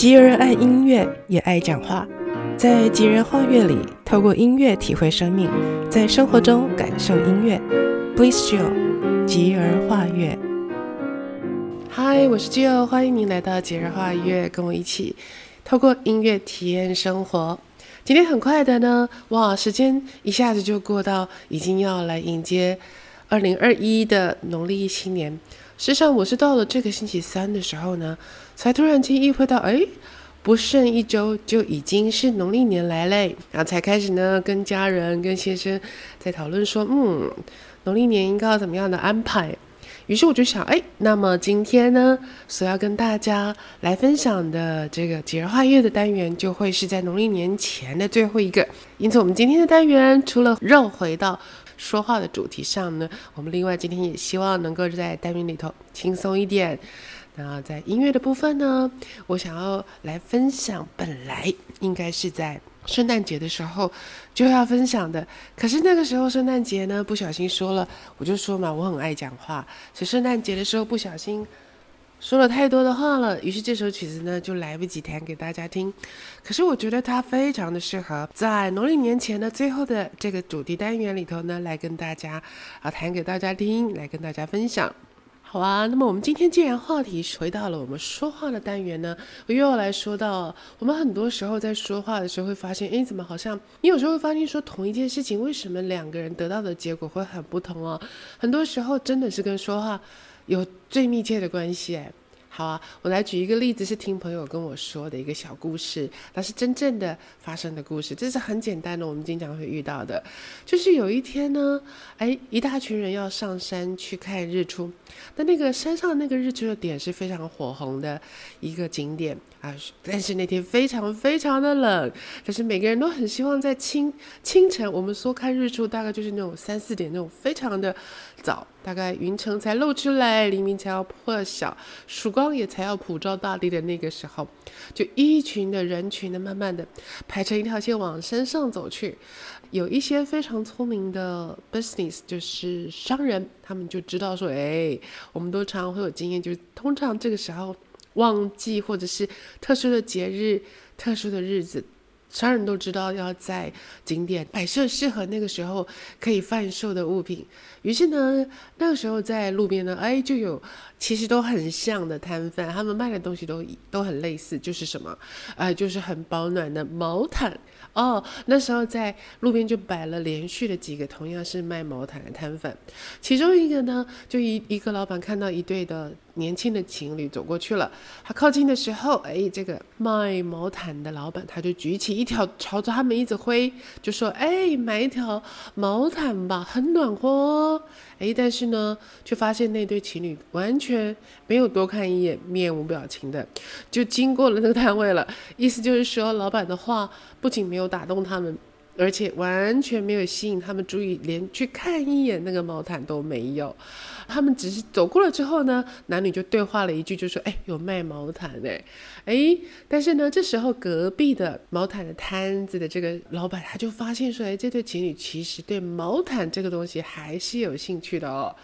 吉爾愛音樂，也愛講話。在吉爾畫樂裡，透過音樂體會生命，在生活中感受音樂。b l e a s e j l 吉爾畫樂。嗨，我是吉 i 歡迎您來到吉爾畫樂，跟我一起透過音樂體驗生活。今天很快的呢，哇，時間一下子就過到，已經要來迎接二零二一的農曆新年。事實上，我是到了這個星期三的時候呢。才突然間意會到，哎，不剩一周就已經是農曆年來嘞。然後才開始呢，跟家人、跟先生在討論說，嗯，農曆年應該要怎麼樣的安排。於是我就想，哎，那麼今天呢，所要跟大家來分享的這個節日換月的單元，就會是在農曆年前的最後一個。因此，我們今天的單元除了繞回到說話的主題上呢，我們另外今天也希望能夠在單元裡頭輕鬆一點。然後在音樂的部分呢，我想要來分享本來應該是在聖誕節的時候就要分享的，可是那個時候聖誕節呢不小心說了。我就說嘛，我很愛講話，所以聖誕節的時候不小心說了太多的話了，於是這首曲子呢就來不及彈給大家聽。可是我覺得它非常的適合在農曆年前的最後的這個主題單元裡頭呢來跟大家啊彈給大家聽，來跟大家分享。好啊，那麼我們今天既然話題回到了我們說話的單元呢，我又要來說到我們很多時候在說話的時候會發現，哎，怎麼好像你有時候會發現說同一件事情，為什麼兩個人得到的結果會很不同哦、啊？很多時候真的是跟說話有最密切的關係哎、欸。好啊，我來舉一個例子，是聽朋友跟我說的一個小故事，那是真正的發生的故事。這是很簡單的，我們經常會遇到的，就是有一天呢，哎，一大群人要上山去看日出，但那個山上那個日出的點是非常火紅的一個景點啊，但是那天非常非常的冷，可是每個人都很希望在清清晨，我們說看日出，大概就是那種三四點，那種非常的早，大概雲層才露出來，黎明才要破曉，曙光。光也才要普照大地的那個時候，就一群的人群的慢慢的排成一條線往山上走去。有一些非常聰明的 business，就是商人，他們就知道說，哎，我們都常會有經驗，就是通常這個時候旺季或者是特殊的節日、特殊的日子。商人都知道要在景點擺設適合那個時候可以販售的物品，於是呢，那個時候在路邊呢，哎，就有其實都很像的攤販，他們賣的東西都都很類似，就是什麼？哎，就是很保暖的毛毯。哦，那時候在路邊就擺了連續的幾個同樣是賣毛毯的攤販，其中一個呢，就一一個老板看到一對的年輕的情侶走過去了，他靠近的時候，哎，這個賣毛毯的老板他就舉起。一條朝着他們一直揮，就說：“哎，買一條毛毯吧，很暖和哦。”哎，但是呢，卻發現那對情侶完全沒有多看一眼，面無表情的就經過了那個攤位了。意思就是說，老闆的話不僅沒有打動他們。而且完全沒有吸引他們注意，連去看一眼那個毛毯都沒有。他們只是走過了之後呢，男女就對話了一句，就說：“哎，有賣毛毯哎。”哎，但是呢，這時候隔壁的毛毯的攤子的這個老闆他就發現說：‘哎，這對情侶其實對毛毯這個東西還是有興趣的哦。’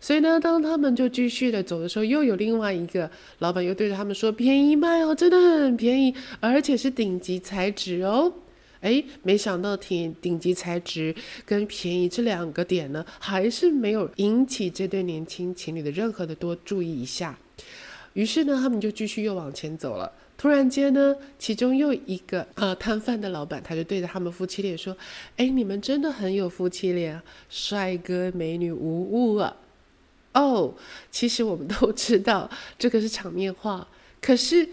所以呢，當他們就繼續的走的時候，又有另外一個老闆又對着他們說：“便宜賣哦，真的很便宜，而且是頂級材質哦。”哎，沒想到挺頂級材質跟便宜這兩個點呢，還是沒有引起這對年輕情侶的任何的多注意一下。於是呢，他們就繼續又往前走了。突然間呢，其中又一個啊、呃，攤販的老闆，他就對着他們夫妻臉說：“哎，你們真的很有夫妻臉、啊，帥哥美女無誤啊。”哦，其實我們都知道這個是場面話，可是。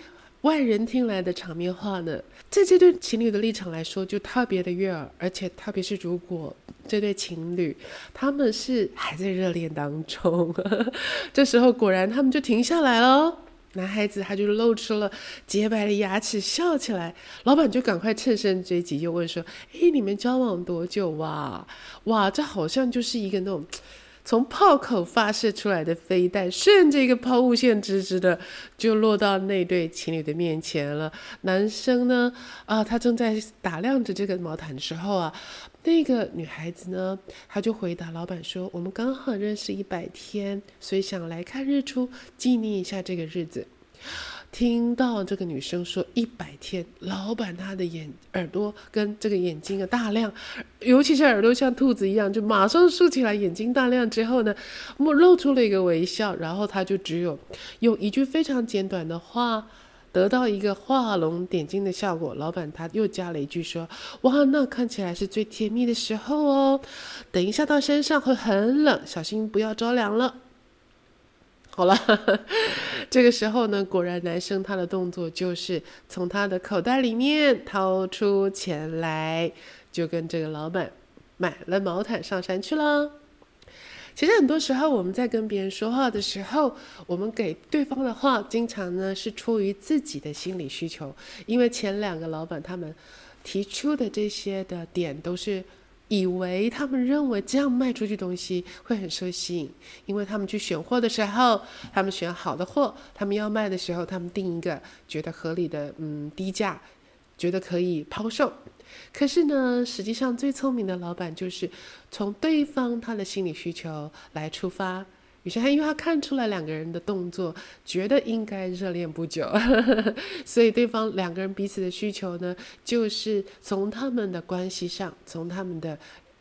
外人聽來的場面話呢，在這對情侶的立場來說就特別的悅耳，而且特別是如果這對情侶他們是還在熱戀當中，呵呵，這時候果然他們就停下來了哦，男孩子他就露出了潔白的牙齒笑起來，老板就趕快乘勝追擊又問說：“誒，你們交往多久啊？哇，這好像就是一個那種。”從炮口發射出來的飛彈，順着一個拋物線，直直的就落到那對情侶的面前了。男生呢，啊，他正在打量着這個毛毯的時候啊，那個女孩子呢，她就回答老板說：“我們剛好認識一百天，所以想來看日出，紀念一下這個日子。”聽到這個女生說一百天，老闆他的眼耳朵跟這個眼睛啊大亮，尤其是耳朵像兔子一樣，就馬上豎起來，眼睛大亮之後呢，露出了一個微笑，然後他就只有用一句非常簡短的話得到一個畫龍點睛的效果。老闆他又加了一句說：“哇，那看起來是最甜蜜的時候哦，等一下到山上會很冷，小心不要着涼了。”好了呵呵，這個時候呢，果然男生他的動作就是從他的口袋裡面掏出錢來，就跟這個老闆買了毛毯上山去了。其實很多時候我們在跟別人說話的時候，我們給對方的話，經常呢是出於自己的心理需求，因為前兩個老闆他們提出的這些的點都是。以為他們認為這樣賣出去東西會很受吸引，因為他們去選貨的時候，他們選好的貨，他們要賣的時候，他們定一個覺得合理的，嗯，低價，覺得可以拋售。可是呢，實際上最聰明的老板就是從對方他的心理需求來出發。於是他，因為他看出來兩個人的動作，覺得應該熱戀不久， 所以對方兩個人彼此的需求呢，就是從他們的關係上，從他們的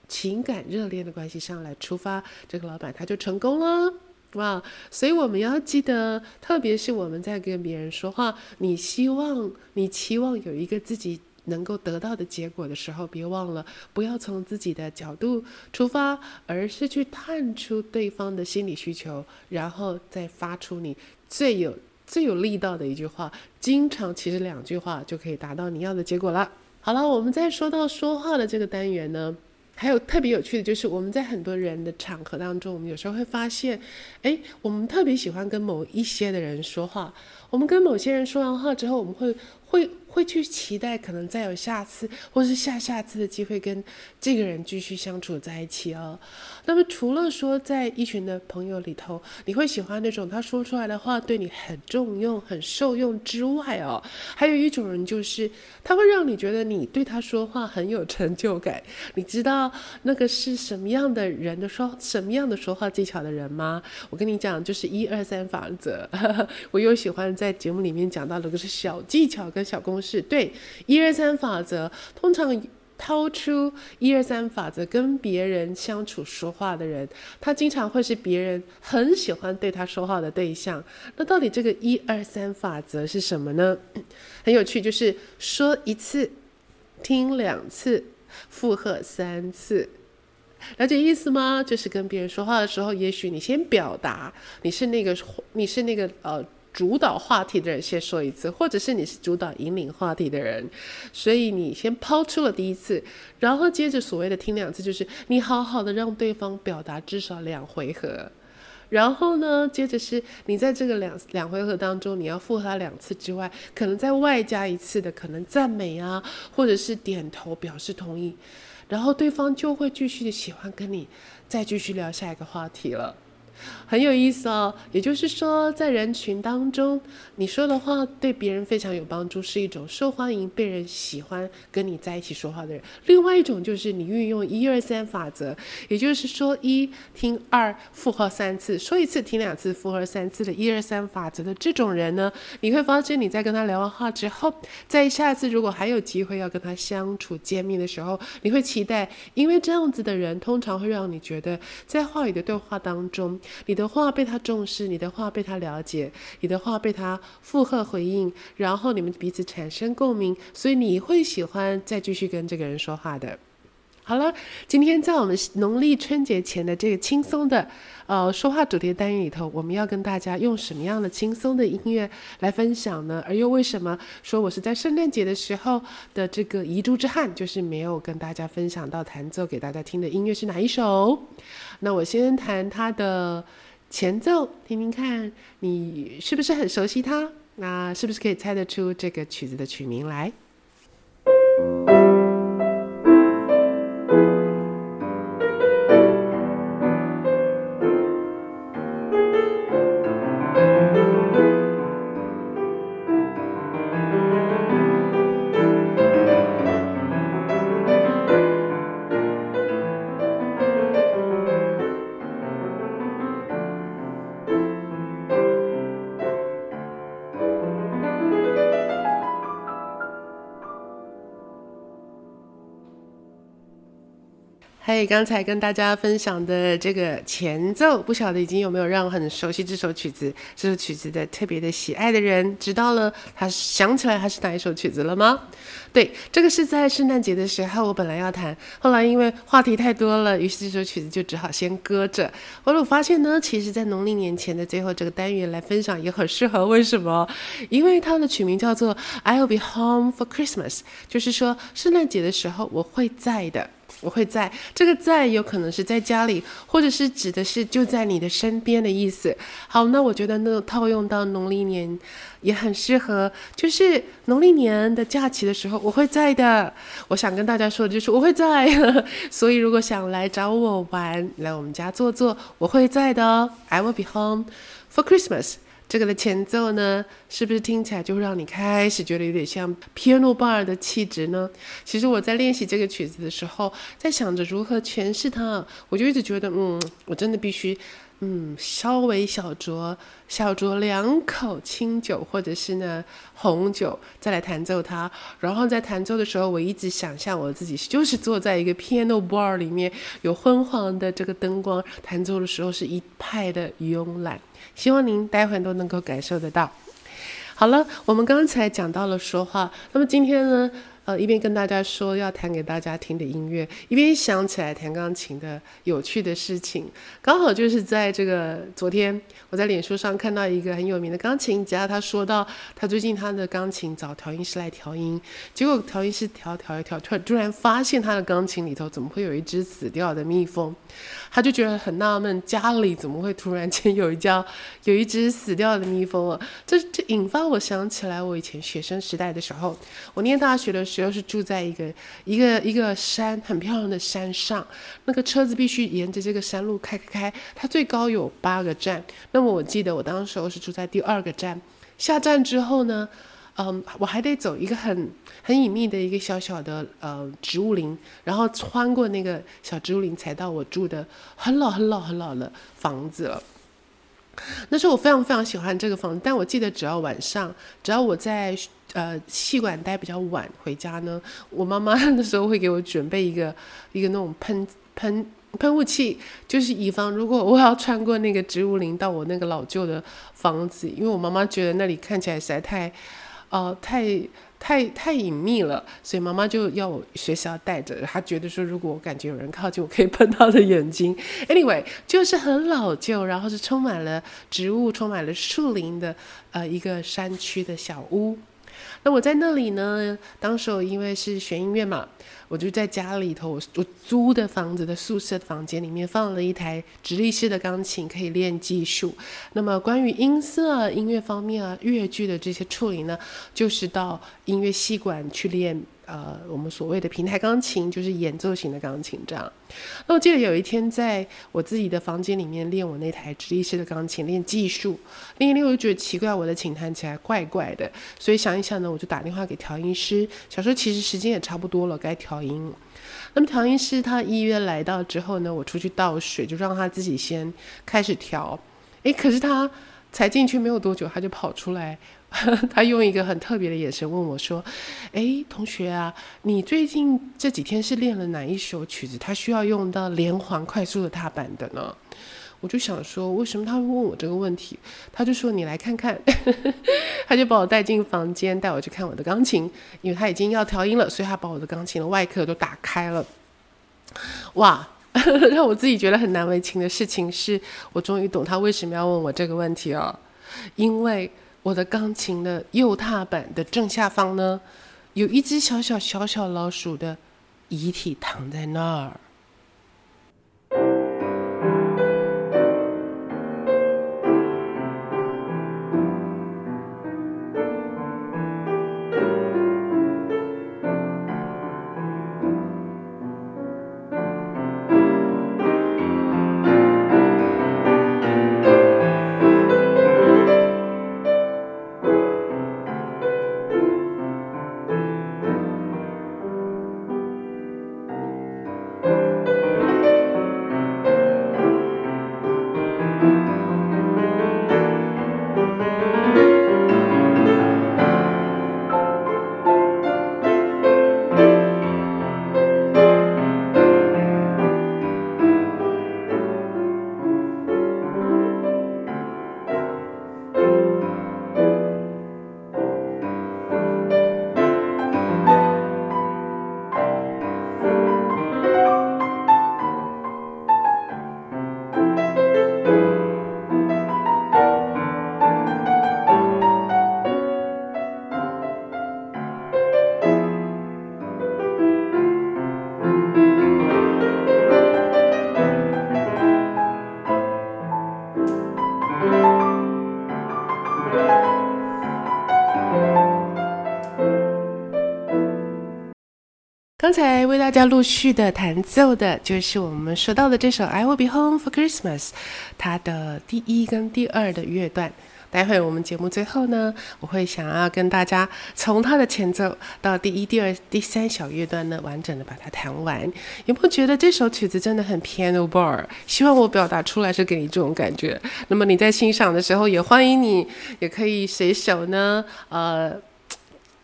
情感熱戀的關係上來出發，這個老闆他就成功了，哇、wow！所以我們要記得，特別是我們在跟別人說話，你希望、你期望有一個自己。能夠得到的結果的時候，別忘了不要從自己的角度出發，而是去探出對方的心理需求，然後再發出你最有最有力道的一句話。經常其實兩句話就可以達到你要的結果了。好了，我們在說到說話的這個單元呢，還有特別有趣的就是，我們在很多人的場合當中，我們有時候會發現，哎，我們特別喜歡跟某一些的人說話。我們跟某些人說完話之後，我們會會。會去期待可能再有下次，或是下下次的機會跟這個人繼續相處在一起哦。那麽除了說在一群的朋友裡頭，你會喜歡那種他說出來的話對你很重用，很受用之外哦，還有一種人就是他會讓你覺得你對他說話很有成就感。你知道那個是什麽樣的人的說什麽樣的說話技巧的人嗎？我跟你講，就是一二三法則。 我又喜歡在節目裡面講到的，個是小技巧跟小公。是對一二三法則，通常掏出一二三法則跟別人相處說話的人，他經常會是別人很喜歡對他說話的對象。那到底這個一二三法則是什麼呢？很有趣，就是說一次，聽兩次，附和三次，了解意思嗎？就是跟別人說話的時候，也許你先表達，你是那個，你是那個呃。主導話題的人先說一次，或者是你是主導引領話題的人，所以你先拋出了第一次，然後接着所謂的聽兩次，就是你好好的讓對方表達至少兩回合，然後呢，接着是你在這個兩兩回合當中，你要附和他兩次之外，可能再外加一次的可能讚美啊，或者是點頭表示同意，然後對方就會繼續的喜歡跟你再繼續聊下一個話題了。很有意思哦，也就是說，在人群當中，你說的話對別人非常有幫助，是一種受歡迎、被人喜歡跟你在一起說話的人。另外一種就是你運用“一、二、三”法則，也就是說，一聽二附和三次，說一次聽兩次，附和三次的“一、二、三”法則的這種人呢，你會發現你在跟他聊完話之後，在下次如果還有機會要跟他相處見面的時候，你會期待，因為這樣子的人通常會讓你覺得在話語的對話當中。你的話被他重視，你的話被他了解，你的話被他附和回應，然後你們彼此產生共鳴，所以你會喜歡再繼續跟這個人說話的。好了，今天在我們農曆春節前的這個輕鬆的呃說話主題單元裡頭，我們要跟大家用什麼樣的輕鬆的音樂來分享呢？而又為什麼說我是在聖誕節的時候的這個遺珠之憾，就是沒有跟大家分享到彈奏給大家聽的音樂是哪一首？那我先彈它的前奏，聽聽看你是不是很熟悉它，那是不是可以猜得出這個曲子的曲名來？ 對，剛才跟大家分享的這個前奏，不曉得已經有沒有讓我很熟悉這首曲子、這首曲子的特別的喜愛的人知道了，他想起來他是哪一首曲子了嗎？對，這個是在聖誕節的時候我本來要彈，後來因為話題太多了，於是這首曲子就只好先擱着。後來我發現呢，其實在農曆年前的最後這個單元來分享也很適合。為什麼？因為它的曲名叫做 I'll Be Home for Christmas，就是說聖誕節的時候我會在的。我會在，這個在有可能是在家裡，或者是指的是就在你的身邊的意思。好，那我覺得那個套用到農曆年也很適合，就是農曆年的假期的時候我會在的。我想跟大家說的就是我會在， 所以如果想來找我玩，來我們家坐坐，我會在的哦。I will be home for Christmas。這個的前奏呢，是不是聽起來就會讓你開始覺得有點像 Piano Bar 的氣質呢？其實我在練習這個曲子的時候，在想着如何詮釋它，我就一直覺得，嗯，我真的必須。嗯，稍微小酌小酌兩口清酒，或者是呢紅酒，再來彈奏它。然後在彈奏的時候，我一直想象我自己就是坐在一個 piano bar 裡面，有昏黃的這個燈光，彈奏的時候是一派的慵懶。希望您待會都能夠感受得到。好了，我們剛才講到了說話，那麼今天呢？呃，一邊跟大家說要彈給大家聽的音樂，一邊想起來彈鋼琴的有趣的事情。剛好就是在這個昨天，我在臉書上看到一個很有名的鋼琴家，他說到他最近他的鋼琴找調音師來調音，結果調音師調調一調，突突然發現他的鋼琴裡頭怎麼會有一隻死掉的蜜蜂？他就覺得很納悶，家裡怎麼會突然間有一家有一隻死掉的蜜蜂啊？這這引發我想起來我以前學生時代的時候，我念大學的時候。主要是住在一個一個一個山很漂亮的山上，那個車子必須沿着這個山路開開開，它最高有八個站。那麼我記得我當時候是住在第二個站，下站之後呢，嗯，我還得走一個很很隱秘的一個小小的呃植物林，然後穿過那個小植物林才到我住的很老很老很老的房子了。那時候我非常非常喜歡這個房子，但我記得只要晚上，只要我在。呃，氣管帶比較晚回家呢。我媽媽那時候會給我準備一個一個那種噴噴噴霧器，就是以防如果我要穿過那個植物林到我那個老舊的房子，因為我媽媽覺得那裡看起來實在太呃太太太隱祕了，所以媽媽就要我學校帶着。她覺得說，如果我感覺有人靠近我，我可以噴她的眼睛。Anyway，就是很老舊，然後是充滿了植物、充滿了樹林的呃一個山區的小屋。那我在那裡呢？當時我因為是學音樂嘛，我就在家裡頭，我我租的房子的宿舍的房間裡面放了一台直立式的鋼琴，可以練技術。那麼關於音色、音樂方面啊，越劇的這些處理呢，就是到音樂戲館去練。呃，我們所謂的平台鋼琴就是演奏型的鋼琴，這樣。那我記得有一天在我自己的房間裡面練我那台直立式的鋼琴，練技術，練一練我就覺得奇怪，我的琴彈起來怪怪的。所以想一想呢，我就打電話給調音師。小時候其實時間也差不多了，該調音了。那麼調音師他預約來到之後呢，我出去倒水，就讓他自己先開始調。誒，可是他才進去沒有多久，他就跑出來。 他用一個很特別的眼神問我說：“哎，同學啊，你最近這幾天是練了哪一首曲子？他需要用到連環快速的踏板的呢？”我就想說，為什麼他會問我這個問題？他就說：“你來看看。 ”他就把我帶進房間，帶我去看我的鋼琴，因為他已經要調音了，所以他把我的鋼琴的外殼都打開了。哇， 讓我自己覺得很難為情的事情是，我終於懂他為什麼要問我這個問題了啊，因為。我的鋼琴的右踏板的正下方呢，有一隻小小小小小老鼠的遺體躺在那兒。剛才為大家陸續的彈奏的就是我們說到的這首《I Will Be Home for Christmas》，它的第一跟第二的樂段。待會我們節目最後呢，我會想要跟大家從它的前奏到第一、第二、第三小樂段呢，完整的把它彈完。有沒有覺得這首曲子真的很 Piano Bar？希望我表達出來是給你這種感覺。那麼你在欣賞的時候，也歡迎你也可以隨手呢，呃，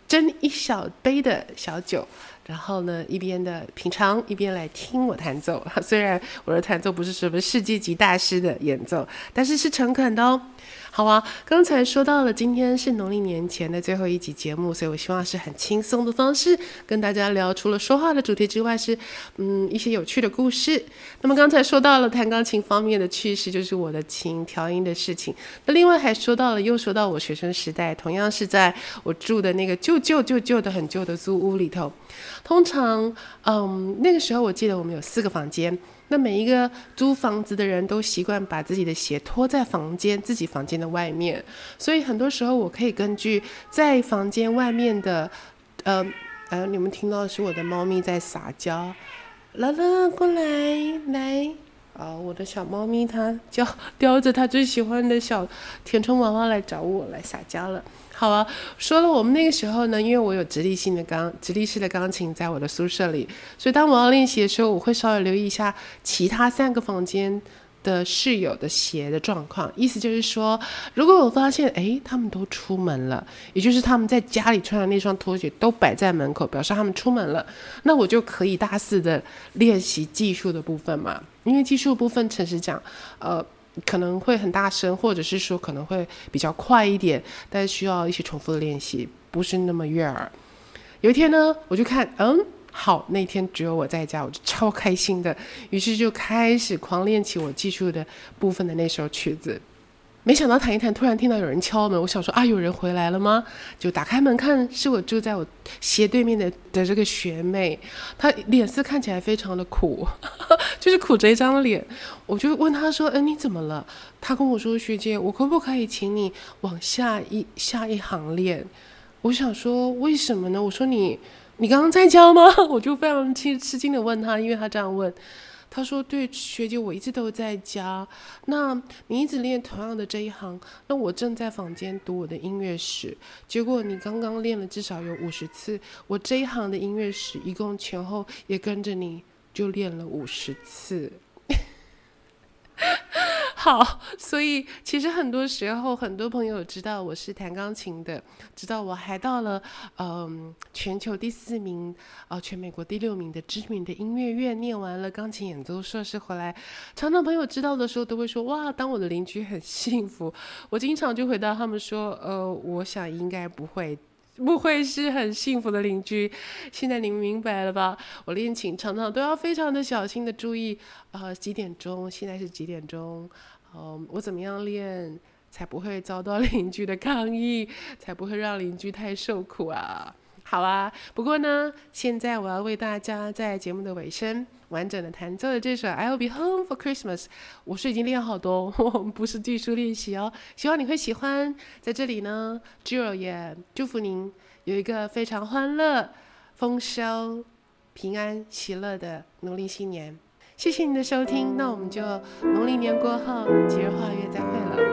斟一小杯的小酒。然後呢，一邊的品嘗，一邊來聽我彈奏。雖然我的彈奏不是什麼世界級大師的演奏，但是是誠懇的哦。好啊，剛才說到了，今天是農曆年前的最後一集節目，所以我希望是很輕鬆的方式跟大家聊。除了說話的主題之外是，是嗯一些有趣的故事。那麼剛才說到了彈鋼琴方面的趣事，就是我的琴調音的事情。那另外還說到了，又說到我學生時代，同樣是在我住的那個舊舊舊舊舊的很舊的租屋裡頭。通常，嗯，那個時候我記得我們有四個房間，那每一個租房子的人都習慣把自己的鞋脫在房間自己房間的外面，所以很多時候我可以根據在房間外面的，呃呃，你們聽到的是我的貓咪在撒嬌，樂樂過來來，啊、哦，我的小貓咪它就叼着它最喜歡的小填充娃娃來找我來撒嬌了。好啊，說了我們那個時候呢，因為我有直立性的鋼直立式的鋼琴在我的宿舍裡，所以當我要練習的時候，我會稍微留意一下其他三個房間的室友的鞋的狀況。意思就是說，如果我發現哎，他們都出門了，也就是他們在家裡穿的那雙拖鞋都擺在門口，表示他們出門了，那我就可以大肆的練習技術的部分嘛，因為技術部分，誠實講，呃。可能會很大聲，或者是說可能會比較快一點，但是需要一些重複的練習，不是那麼悅耳。有一天呢，我就看，嗯，好，那天只有我在家，我就超開心的，於是就開始狂練起我技術的部分的那首曲子。沒想到談一談，突然聽到有人敲門，我想說啊，有人回來了嗎？就打開門看，是我住在我斜對面的的這個學妹，她臉色看起來非常的苦， 就是苦着一張臉。我就問她說：“哎，你怎麼了？”她跟我說：“學姐，我可不可以請你往下一下一行練？”我想說為什麼呢？我說你：“你你剛剛在家嗎？”我就非常吃吃驚地問她，因為她這樣問。他說：“對，學姐，我一直都在家。那你一直練同樣的這一行，那我正在房間讀我的音樂史。結果你剛剛練了至少有五十次，我這一行的音樂史一共前後也跟着你就練了五十次。”好，所以其實很多時候，很多朋友知道我是彈鋼琴的，知道我還到了嗯、呃、全球第四名啊、呃，全美國第六名的知名的音樂院，念完了鋼琴演奏碩士回來，常常朋友知道的時候都會說哇，當我的鄰居很幸福。我經常就回答他們說，呃，我想應該不會。不會是很幸福的鄰居，現在你們明白了吧？我練琴常常都要非常的小心的注意，呃，幾點鐘？現在是幾點鐘？嗯、呃，我怎麼樣練才不會遭到鄰居的抗議？才不會讓鄰居太受苦啊。好啊，不過呢，現在我要為大家在節目的尾聲，完整的彈奏的這首《I'll Be Home for Christmas》。我是已經練好多哦，我們不是技術練習哦，希望你會喜歡。在這裡呢，Jill 也祝福您有一個非常歡樂、豐收、平安、喜樂的農曆新年。謝謝你的收聽，那我們就農曆年過後，節日快樂再會了。